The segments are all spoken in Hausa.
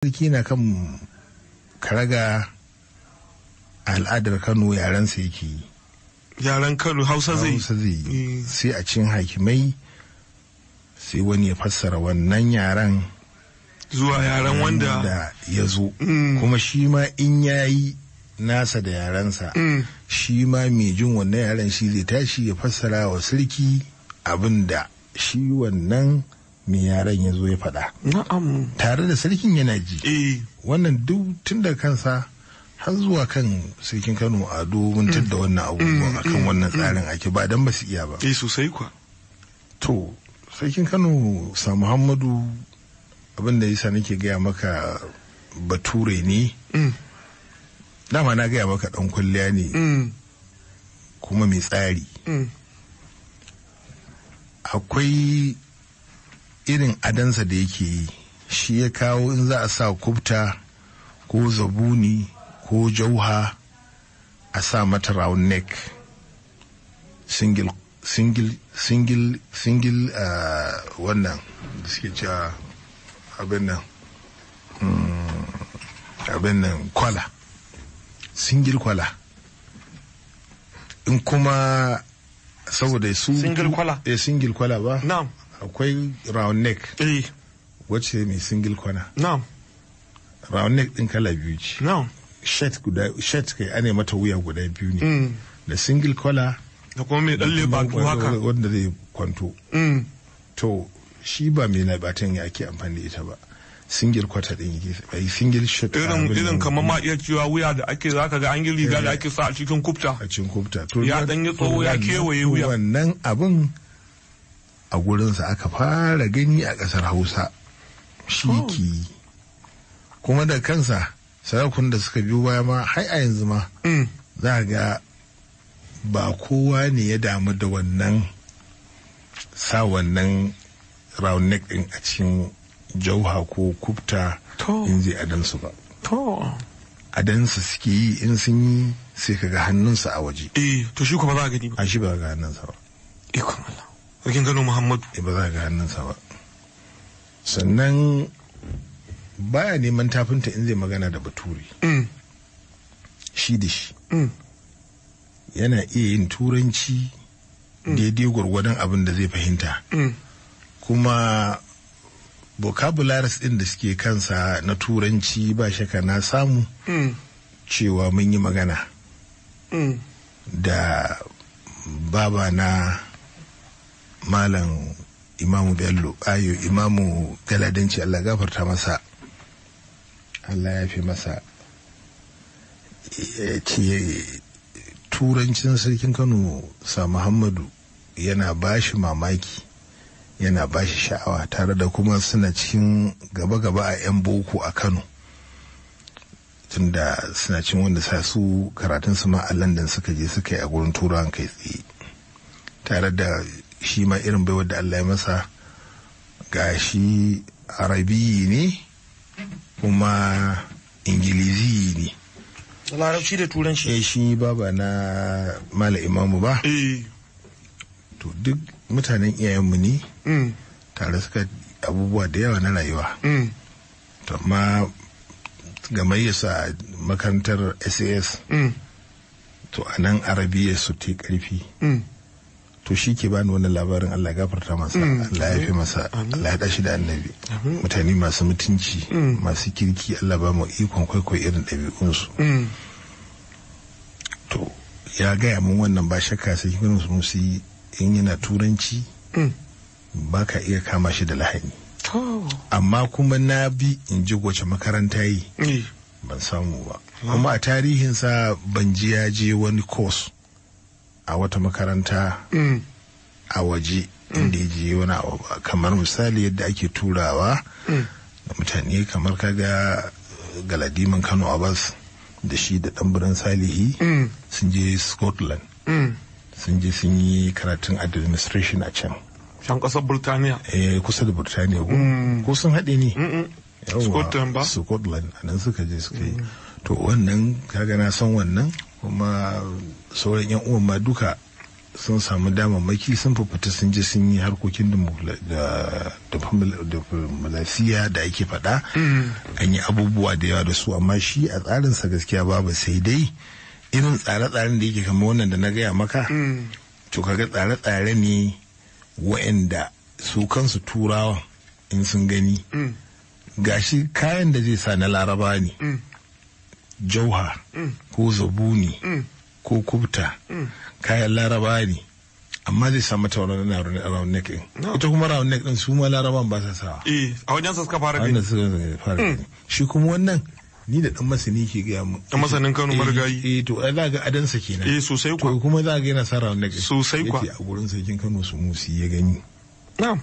sarki na kan karaga al'adar kano yaren sa yake yaren kano hausa zai hausa zai eh. sai a cin hakimai sai wani ya fassara wannan yaren zuwa yaren wanda ya zo mm. kuma shi ma in ya yi nasa da yarensa mm. shi ma mai jin wannan yaren shi zai tashi ya fassara wa sarki abin da shi wannan me yaran ya zo ya faɗa. Na'am. Tare da sarkin yana ji. Eh. Wannan duk tun da kansa har zuwa kan sarkin Kano a domin mm. da wannan abubuwan mm, akan mm, wannan tsarin ake ba dan ba su iya ba. Eh sosai kuwa. To sarkin Kano sa Muhammadu abin da yasa nake gaya maka bature ne. Dama na gaya maka ɗan kwalliya ne. Kuma mai tsari. Akwai irin adansa da yake yi shi ya kawo in za a sa kubta ko zabuni ko jauha a sa mata round neck single single single single uh, wannan suke cewa abin nan mm, abin nan kwala single kwala in kuma saboda su single kwala eh single kwala ba na'am akwai round neck eh. wacce mai single kwana no. round neck din kala biyu ce no. shirt guda shirt kai ane mata wuya guda biyu ne mm. da single collar da kuma mai dalle baki haka wanda zai kwanto mm. to shi ba mai na batun ya ke amfani da ita ba single kwata din yake bai single shirt irin irin kamar ma iya cewa wuya da ake zaka ga an yi riga da eh. ake sa a cikin kubta a cikin kubta to ya dan yi tsawo ya kewaye wuya wannan abin a gurinsa aka fara gani a ƙasar hausa shiki oh. kuma da kansa sarakun da suka biyo baya ma har a yanzu ma mm. za ga ba kowa ne ya damu da wannan sa wannan round neck ɗin a cikin jauha ko kubta in zai adansu ba adansu suke yi in sun yi sai kaga hannunsa a waje eh to shi kuma ba gani ba a shi ba ga hannunsa ba ikon Allah sarkin kano muhammadu eh, ba za ga hannunsa ba sannan baya neman tafinta in zai magana da bature mm. shi da shi mm. yana iya yin turanci mm. daidai gwargwadon abin da zai fahimta kuma vocabularies ɗin da suke kansa na turanci ba shaka na samu cewa mun yi magana da baba na malam imamu bello ayo imamu galadanci allah gafarta masa allah ya fi masa ce turancin sarkin kano sa muhammadu yana bashi mamaki yana bashi sha'awa tare da kuma suna cikin gaba-gaba a 'yan boko a kano tunda suna cin wanda sa su karatun su ma a london suka je suka yi a gurin turawan kai tsaye tare da shi ma irin baiwar da Allah ya masa ga shi arabiyi ne kuma ingilizi ne larabci da turanci eh shi ba na mala imamu ba eh. to duk mutanen iyayenmu ne mm. tare suka abubuwa da yawa na rayuwa mm. to amma gamayyarsa makarantar sas mm. to a nan arabiya su ta karfi to shi ke bani wannan labarin Allah gafarta masa mm. Allah ya fi masa Allah ya dashi da annabi mutane masu mutunci mm. masu kirki Allah ba mu ikon kwaikwayo irin ɗabi'unsu mm. to ya gaya mun wannan ba shakka sai kiran musu in yana turanci ba ka iya kama shi da lahani amma kuma na bi in ji wace makaranta yi ban samu ba kuma a tarihinsa ban ji ya je wani course a wata makaranta a waje inda ya je wani kamar misali yadda ake turawa mutane kamar kaga eh, galadiman kano abbas da shi da ɗanburan salihi sun je scotland sun je sun yi karatun administration a can can kasar burtaniya eh kusa da burtaniya ko mm. sun haɗe ne scotland ba scotland anan nan suka je suka yi mm. to wannan kaga na san wannan kuma sauran yan uwan ma duka sun samu damammaki sun fafita sun je sun yi harkokin dimokulasiya da ake faɗa mm-hmm. an yi abubuwa da yawa da su amma shi a tsarinsa gaskiya babu sai dai irin tsare-tsaren da yake kama wannan da na gaya maka mm. to kaga tsare-tsare ne wa'anda su kansu turawa in sun gani mm. gashi kayan da zai sa na laraba ne mm. jauha ko zabuni ko kubta kayan laraba ne amma zai samu ta wani round neck din ita kuma round neck din su ma laraban ba sa sawa eh a wajen sa suka fara bi hmm. shi kuma wannan ni da dan masani ke gaya mu dan masanin Kano eh, Margayi eh to ai za ga adan sa kenan eh sosai kuwa to kuma za ga yana sa round neck sosai kuwa a gurin sarkin Kano su musi ya gani na'am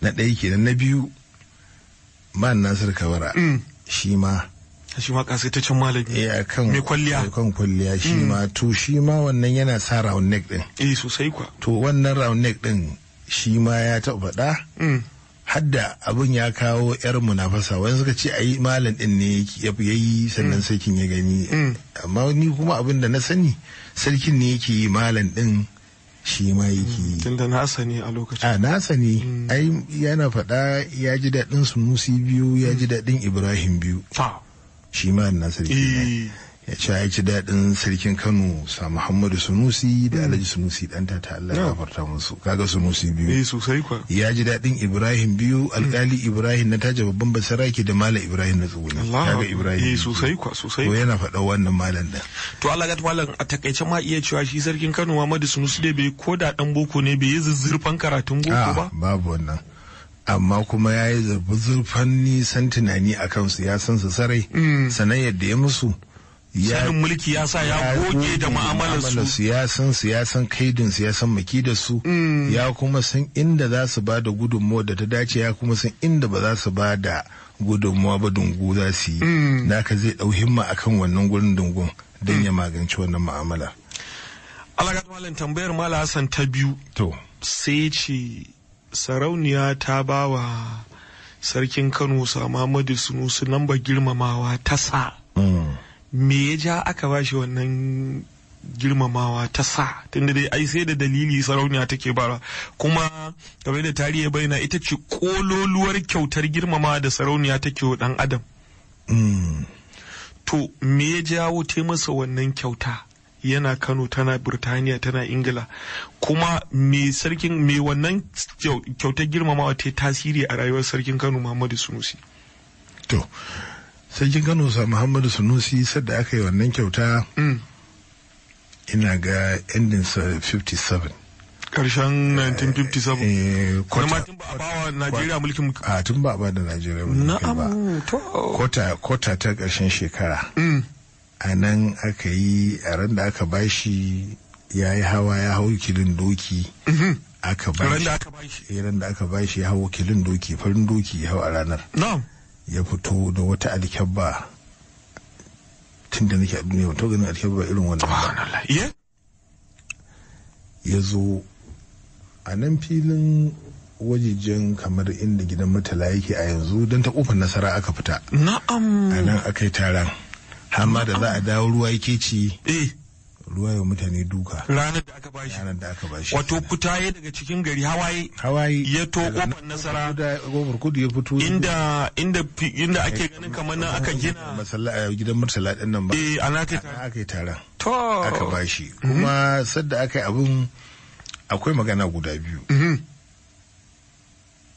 na ɗaya kenan na biyu man Nasir Kawara. Hmm. shi ma shi ma kasaitaccen malami eh akan mai kwalliya akan kwalliya shi hmm. ma to shi ma wannan yana sa round neck din eh sosai kwa to wannan round neck din shi ma ya taɓa faɗa hmm. hadda abin ya kawo yar munafasa wani suka ce ayi malam din ne ya yi sannan hmm. sarkin ya gani amma ni kuma abin da na sani sarkin ne yake yi malam din shi ma yake yi tunda na sani a lokacin a sani. ai yana faɗa ya ji daɗin sunusi biyu ya ji daɗin ibrahim biyu shi ma na sarki ya ce eh. ya ci daɗin sarkin kano sa muhammadu sunusi da hmm. alhaji sunusi danta ta allah ya oh. farta musu kaga sunusi biyu eh, kwa. ya ji daɗin ibrahim biyu hmm. alkali ibrahim na taja babban basaraki da malam ibrahim na tsuguna kaga ibrahim eh, sosai kwa sosai ko yana faɗa wannan malam da to allah ga malam a takaice ma iya cewa shi sarkin kano muhammadu sunusi dai bai ko da ɗan boko ne bai yi zuzzurfan karatun boko ba babu wannan amma kuma ya yi zurfan nisan tunani a kansu ya san su sarai mm. sanan yadda ya musu sanin mulki ya sa ya goge da mu'amalarsu ya san su ya san kaidin su ya san maki da su mm. ya kuma san inda za su ba da gudunmuwa da ta dace ya kuma san inda ba za su ba da gudunmuwa ba dungu za su yi mm. naka zai ɗau himma akan wannan gurin dungun don ya magance wannan mu'amala. Alagat Malam tambayar Malam Hassan ta biyu. To. Sai ce sarauniya ta ba wa sarkin kano samamadu sunusu lambar girmamawa ta sa mm. me ya ja aka ba shi wannan girmamawa ta sa tunda dai ai sai da dalili sarauniya take bara kuma kamar da tarihi bayyana ita ce kololuwar kyautar girmamawa da sarauniya take wa dan adam mm. to me ya jawo ta masa wannan kyauta yana kano tana birtaniya tana ingila kuma me sarkin me wannan kyautar girmamawa ta tasiri a rayuwar sarkin kano muhammadu sunusi to sarkin kano sa muhammadu sunusi sadda aka yi wannan kyauta mm. ina ga endinsa 57 karshen 1957 kuma eh, eh, tun ba a bawa Najeriya mulkin a tun ba a ba da Najeriya mulkin ba kota ta karshen shekara mm. a nan aka yi a ran da aka bashi ya yi hawa ya hau kilin doki mhm. aka bashi eh, ran da aka bashi ya hau kilin doki farin doki ya hau a ranar ya fito da wata alkyabba tun da nake a duniya ba ganin alkyabba irin wannan ba ya zo a nan filin wajejen kamar inda gidan matala yake a yanzu don ta kofar nasara aka fita na'am a nan aka yi taron hamma da za a dawo ruwa yake ci eh. ruwa ya mutane duka ranar da aka bashi ranar da aka bashi wato fitaye daga cikin gari hawaye hawaye ya to kofar nasara kofar kudu ya fito inda inda inda ake ganin kamar nan aka gina a eh, gidan murtala din nan ba eh ana kai aka yi tara to aka bashi kuma mhm. sadda aka yi abun akwai magana guda biyu mhm.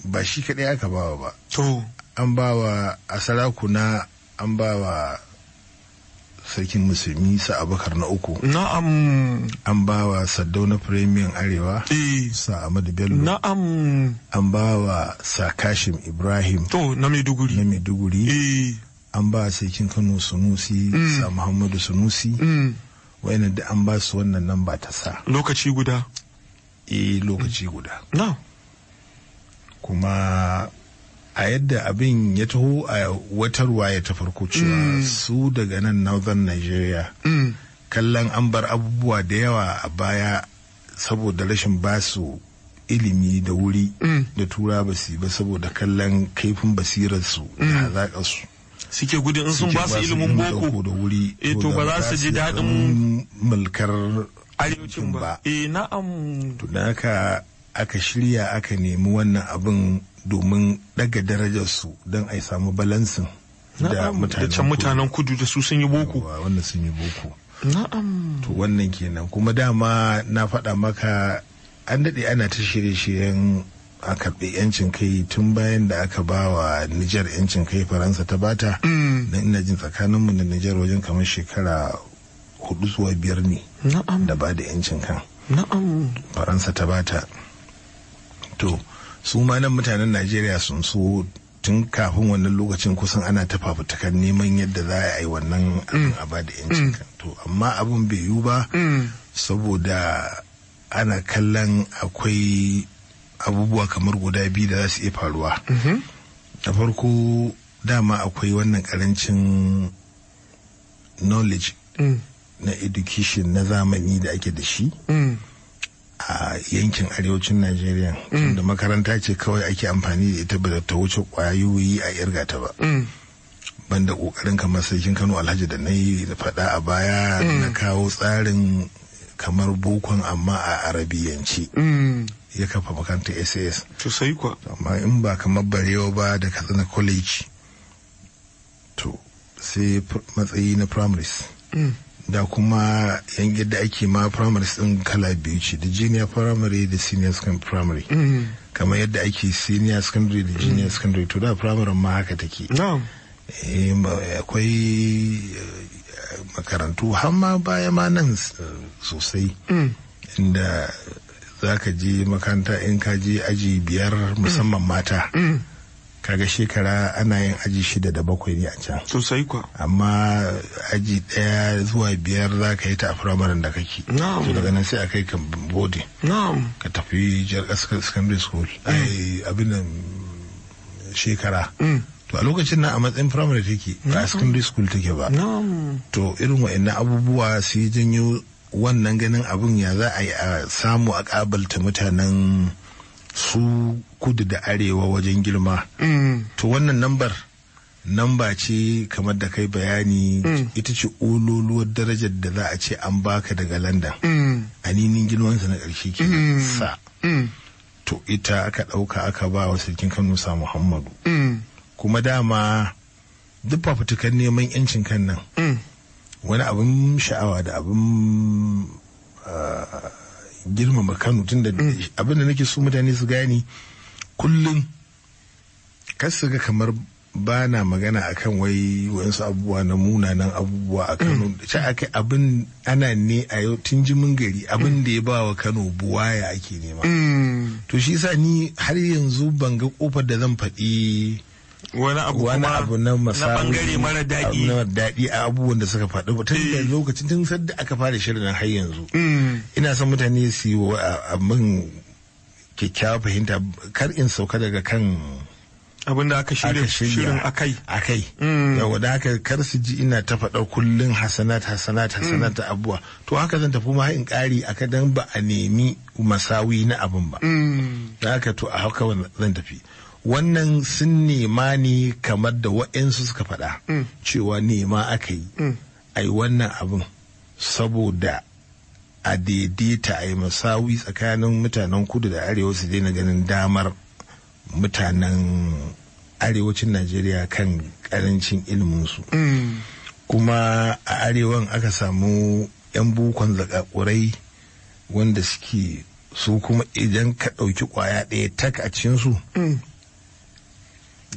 ba shi kadai aka bawa ba to an bawa a sarakuna an bawa sarkin musulmi sa Abakar na uku na'am an bawa saddauna firemiyan arewa e. sa amadu bello na'am an bawa sa kashim ibrahim to na maiduguri na maiduguri e. an ba sarkin kano sunusi mm. sa muhammadu sunusi mm. wayannan da an ba su wannan nan ba ta sa lokaci guda eh lokaci guda na kuma a yadda abin ya taho a wata ruwaya ta farko cewa mm. su daga nan northern nigeria mm. kallon an bar abubuwa da yawa a baya saboda rashin basu ilimi da wuri mm. da tura basi ba saboda kallon kaifin basirarsu da hazaƙarsu suke gudun in sun ba su ilimin boko da wuri eh, to ba za su ji daɗin mulkar arewacin ba eh na'am to da haka aka shirya aka nemi wannan abin domin daga darajarsu don a samu balansin da mutanen kudu da su sun yi boko wannan sun yi boko na'am to wannan kenan kuma dama na faɗa maka an daɗe ana ta shirye-shiryen a karɓi yancin kai tun bayan da aka ba wa Nijar yancin kai Faransa ta bata mm. na ina jin tsakaninmu da Nijar wajen kamar shekara hudu zuwa biyar ne da ba da yancin kan. Faransa ta bata. to su ma nan mutanen najeriya sun so tun kafin wannan lokacin kusan ana ta fafutukar neman yadda za a yi wannan mm. abin da yanci. Mm. to amma abin bai yiwu ba mm. saboda ana kallon akwai abubuwa kamar guda biyu da za su iya faruwa da mm-hmm. farko dama akwai wannan karancin knowledge na education na zamani da ake da shi a yankin arewacin najeriya da mm. makaranta ce kawai ake amfani da ita ba ta wuce kwayoyi a irga ta ba mm. banda kokarin kamar sarkin kano alhaji da na yi faɗa a baya na mm. kawo tsarin kamar bokon amma a arabiyanci ya kafa makaranta sas sai kuwa amma in ba kamar barewa ba da katsina college to sai matsayi na primaries da kuma yan yadda ake ma primary din kala biyu ce da junior primary da senior secondary primary mm. kamar yadda ake senior secondary da junior mm. secondary to da primary ma haka take eh, akwai eh, makarantu har ma baya ma nan sosai mm. inda za ka je makaranta in ka je aji biyar musamman mata kaga shekara ana yin aji shida da bakwai ne a can sosai kuwa amma aji daya zuwa biyar za ka yi ta a firamaren da kake to daga nan sai a kai ka bode ka tafi jar secondary school mm. abin nan shekara mm. to a lokacin na a matsayin firamare take ba a secondary school take ba to irin wa'annan abubuwa su janyo wannan ganin abin ya za a yi a samu a kabalta mutanen su kudu da arewa wajen girma mm. to wannan nambar namba ce kamar da kai bayani mm. ita ce ololuwar darajar da za a ce an baka daga Landan. Mm. a ninin girmansa na ƙarshe ke sa to ita aka ɗauka aka ba wa sarkin kano sa muhammadu kuma dama duk fafutukan neman yancin kan nan wani abin sha'awa da abin ah, girmama Kano tunda mm. abin da nake so mutane su gane kullum kar su ga kamar ba na magana akan wai wasu abubuwa na munanan abubuwa a Kano ta mm. aka abin ana ne a yau tun jimin gari abin da ya ba wa Kano buwaya ake nema mm. to shi sa ni har yanzu ban ga kofar da zan faɗi wani abu wani abu na bangare mara daɗi na daɗi a abubuwan da suka faɗi tun da eh. lokacin tun sadda aka fara shirin har yanzu mm. ina son mutane su yi abin kyakkyawa fahimta kar in sauka daga kan abin da aka shirya shirin akai akai mm. yawa da aka kar su ji ina ta faɗa kullun hasanat hasanat hasanat mm. abuwa to haka zan tafi ma in ƙari aka dan ba a nemi masawi na abin ba da haka to a haka zan tafi wannan sun nema ne kamar da wa'insu suka faɗa mm. cewa nema aka yi mm. ai wannan abin saboda a daidaita a yi masawi tsakanin mutanen kudu da arewa su daina ganin damar mutanen arewacin najeriya kan karancin iliminsu mm. kuma a arewan aka samu 'yan bukon zakakurai wanda suke su kuma idan ka ɗauki kwaya ɗaya tak a cinsu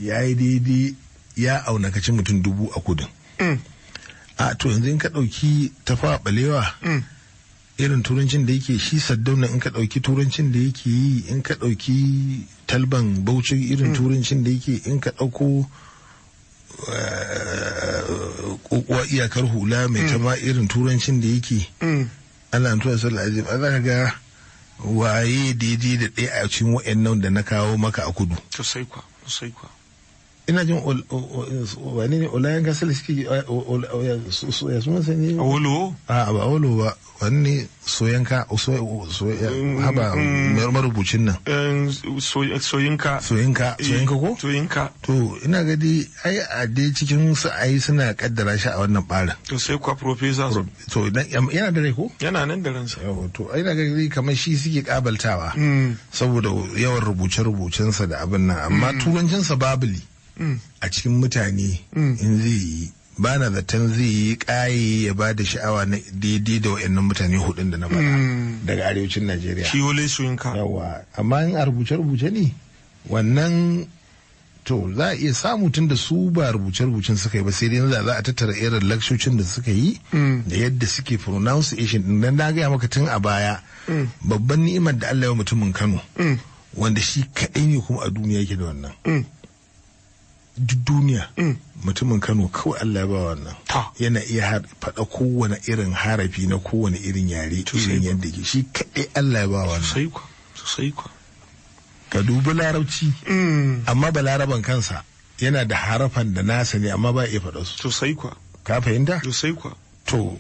ya yi daidai ya aunakaci mutum dubu a kudin mm. a to yanzu in ka ɗauki tafa balewa mm. irin turancin da yake shi saddauna in ka ɗauki turancin da yake yi in ka ɗauki talban bauchi irin mm. turancin da yake in ka ɗauko kokowa eh, iyakar hula mai tama irin turancin da yake ana tuwa sallah ajib a za ga waye daidai da ɗaya a cikin wa'annan da na kawo maka a kudu. kwa, kwa. ina jin wani ne olayan gasar shi ya suna sai ne wolo a ba wolo ba wani ne soya. haba mm, mm. marubucin nan eh, soyinka soyinka eh, soyinka ko soyinka to ina gadi ai a dai cikin su ai suna kaddara shi a wannan barin to sai kwa professor to yana da rai ko yana nan da ransa yawa to ina gadi kamar shi suke kabaltawa mm. saboda yawan rubuce-rubucensa da abin nan amma turancinsa babili a cikin mutane in zai yi ba na zaton zai yi kayi ya ba da sha'awa na daidai da wa'annan mutane hudun da na bada daga arewacin najeriya shi wale ka. yawa amma in a rubuce-rubuce ne wannan to za a iya samu tun da su ba rubuce-rubucen suka yi ba sai dai za a tattara irin lakshocin da suka yi da yadda suke pronunciation din dan na gaya maka tun a baya babban ni'imar da Allah ya mutumin Kano wanda shi kaɗai ne kuma a duniya yake da wannan duk duniya mm. mutumin kano kawai allah ba wannan yana iya faɗa kowane irin harafi na kowane irin yare irin yadda ke shi kaɗai allah ba wannan ka dubi larabci mm. amma ba laraban kansa yana da harafan da nasa ne amma ba iya faɗa su sosai kwa ka fahimta sosai kwa to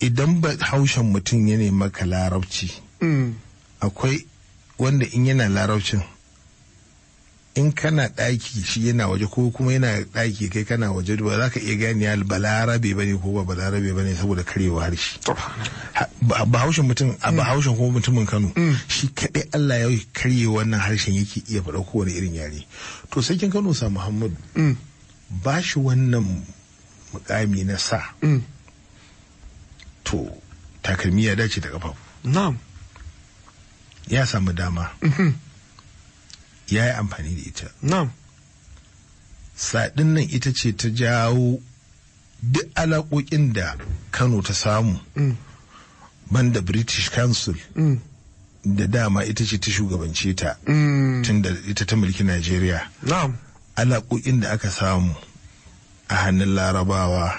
idan ba haushen mutum ya maka larabci mm. akwai wanda in yana laraucin. in kana ɗaki shi yana waje ko kuma yana ɗaki kai kana waje ba za ka iya gane balarabe ba ne ko ba balarabe ba ne saboda karewa harshe bahaushen mutum a mm. bahaushen kuma mutumin kano mm. shi kaɗai allah ya karye wannan harshen yake iya faɗa wani irin yare to sai kano sa Muhammad. Mm. ba shi wannan mukami na sa to takalmi ya dace da kafafu ya samu dama mm-hmm. ya yi amfani da ita na'am Saɗin nan ita ce ta jawo duk alaƙoƙin da kano ta samu mm. banda british council mm. da dama ita ce ta shugabance ta mm. tun da ita ta mulki Najeriya. Alaƙoƙin da aka samu a hannun larabawa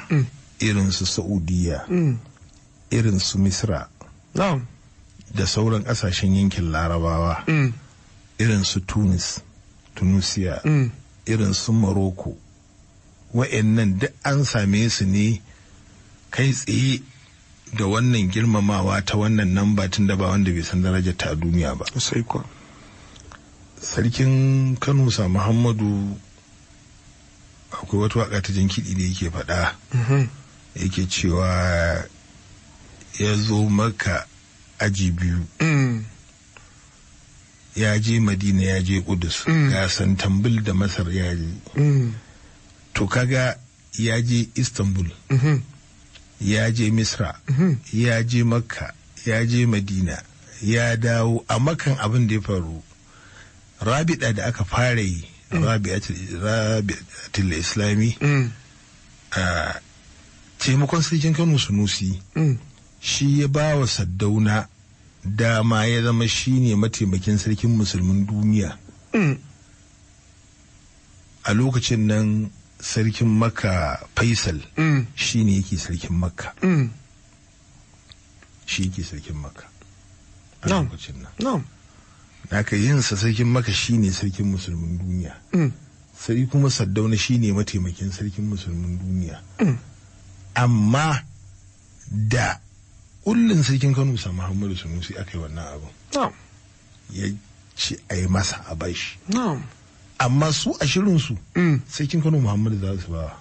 irin su Saudiya, irin su Misra da sauran ƙasashen yankin larabawa. irin su tunis tunisia mm. irin su morocco wa'annan duk an same su ne kai tsaye da wannan girmamawa ta wannan nan tun da ba wanda bai san daraja ta duniya ba sarkin kano sa muhammadu akwai wata waka ta jin kiɗi da yake faɗa mm-hmm. yake cewa ya zo maka aji biyu mm. ya je madina ya je kudus mm. ga tambul da masar ya je mm. to kaga ya je istanbul mm-hmm. ya je misra mm-hmm. ya je makka ya je madina ya dawo a makan abin da ya faru rabida da aka fara yi mm. rabi'atul islami taimakon sarkin kano sunusi shi ya ba wa saddauna dama ya zama shine mataimakin sarkin musulmin duniya mm. a lokacin nan sarkin makka faisal mm. shine yake sarkin makka mm. shi yake sarkin makka a lokacin nan naka yinsa sarkin maka shine sarkin musulmin duniya sai kuma saddauna shine mataimakin sarkin musulmin duniya amma da kullum sarkin kano sa muhammadu sunusi aka yi wannan abin ya ce a yi masa a bashi amma su a shirinsu mm. sarkin kano muhammadu za su ba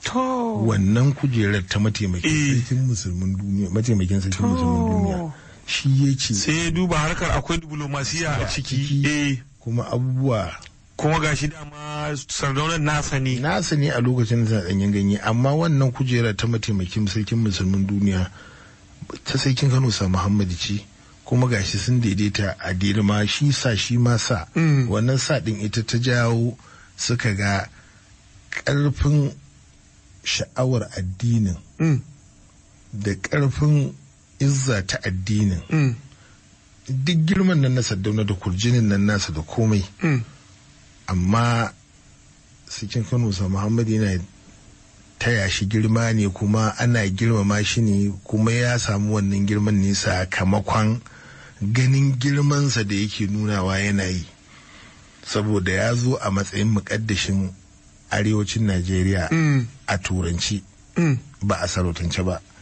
wannan kujerar ta mataimakin eh. sarkin musulmin duniya mataimakin sarkin musulmin duniya shi ya ce sai ya duba harkar akwai diplomasiya a ciki eh. kuma abubuwa kuma ga shi dama sardaunar nasa ne nasa ne a lokacin da ɗanyen ganye amma wannan kujerar ta mataimakin sarkin musulmin duniya ta sarkin kano sa muhammadu ce kuma gashi sun daidaita a dirma shi sa shi ma sa mm. wannan sa din ita ta jawo suka ga ƙarfin sha'awar addinin mm. da ƙarfin izza ta addinin mm. duk girman nan na saddauna da kurjinin nan nasa da komai amma sikin kano sa Muhammadu yana taya shi girma ne kuma ana girmama shi ne kuma ya samu wannan girman ne sakamakon ganin girmansa da yake nunawa yana yi saboda ya zo a matsayin muƙaddashin arewacin najeriya mm. a turanci mm. ba a sarautance ba